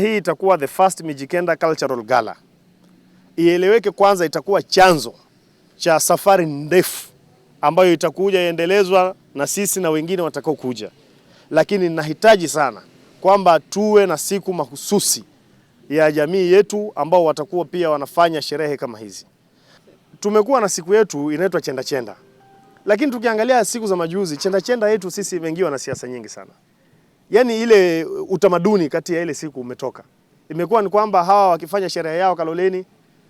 Hii itakuwa the first Mijikenda Cultural Gala. Ieleweke kwanza, itakuwa chanzo cha safari ndefu ambayo itakuja iendelezwa na sisi na wengine watakao kuja, lakini nahitaji sana kwamba tuwe na siku mahususi ya jamii yetu ambao watakuwa pia wanafanya sherehe kama hizi. Tumekuwa na siku yetu inaitwa chenda chenda, lakini tukiangalia siku za majuzi, chenda chenda yetu sisi imeingiwa na siasa nyingi sana yani ile utamaduni kati ya ile siku umetoka. Imekuwa ni kwamba hawa wakifanya sherehe yao Kaloleni,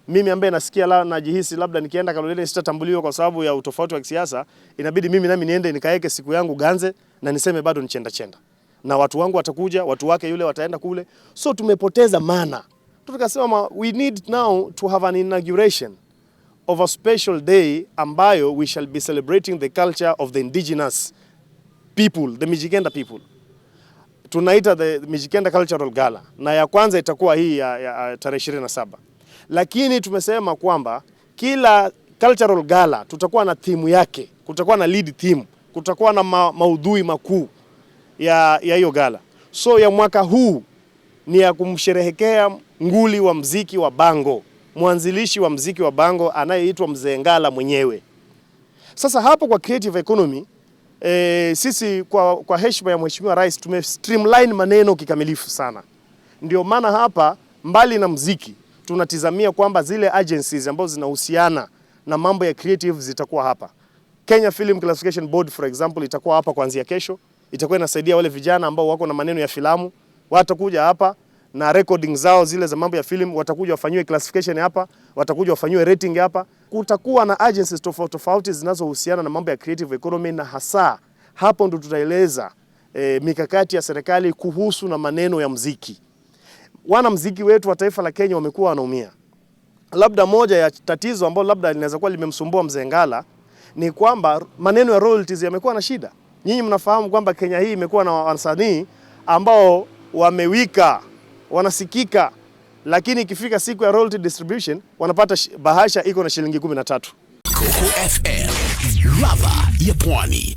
mimi ambaye nasikia la najihisi labda nikienda Kaloleni sitatambuliwa kwa sababu ya utofauti wa kisiasa, inabidi mimi nami niende nikaeke siku yangu Ganze na niseme bado ni chenda chenda, na watu wangu watakuja, watu wake yule wataenda kule, so tumepoteza mana. Tukasema we need now to have an inauguration of a special day ambayo we shall be celebrating the culture of the indigenous people, the Mijikenda people tunaita the Mijikenda Cultural Gala, na ya kwanza itakuwa hii ya, ya tarehe 27, lakini tumesema kwamba kila cultural gala tutakuwa na timu yake, kutakuwa na lead team, kutakuwa na ma, maudhui makuu ya hiyo gala. So ya mwaka huu ni ya kumsherehekea nguli wa mziki wa bango, mwanzilishi wa mziki wa bango anayeitwa Mzee Ngala mwenyewe. Sasa hapo kwa creative economy E, sisi kwa, kwa heshima ya Mheshimiwa Rais tume streamline maneno kikamilifu sana. Ndio maana hapa mbali na mziki tunatizamia kwamba zile agencies ambazo zinahusiana na mambo ya creative zitakuwa hapa. Kenya Film Classification Board for example itakuwa hapa kuanzia kesho, itakuwa inasaidia wale vijana ambao wako na maneno ya filamu, watakuja hapa na recording zao zile za mambo ya film, watakuja wafanyiwe classification hapa, watakuja wafanyiwe rating hapa kutakuwa na agencies tofauti tofauti zinazohusiana na mambo ya creative economy, na hasa hapo ndo tutaeleza e, mikakati ya serikali kuhusu na maneno ya mziki. Wana mziki wetu wa taifa la Kenya wamekuwa wanaumia. Labda moja ya tatizo ambalo labda linaweza kuwa limemsumbua Mzee Ngala ni kwamba maneno ya royalties yamekuwa na shida. Nyinyi mnafahamu kwamba Kenya hii imekuwa na wasanii ambao wamewika, wanasikika lakini ikifika siku ya royalty distribution wanapata bahasha iko na shilingi 13. Coco FM, ladha ya Pwani.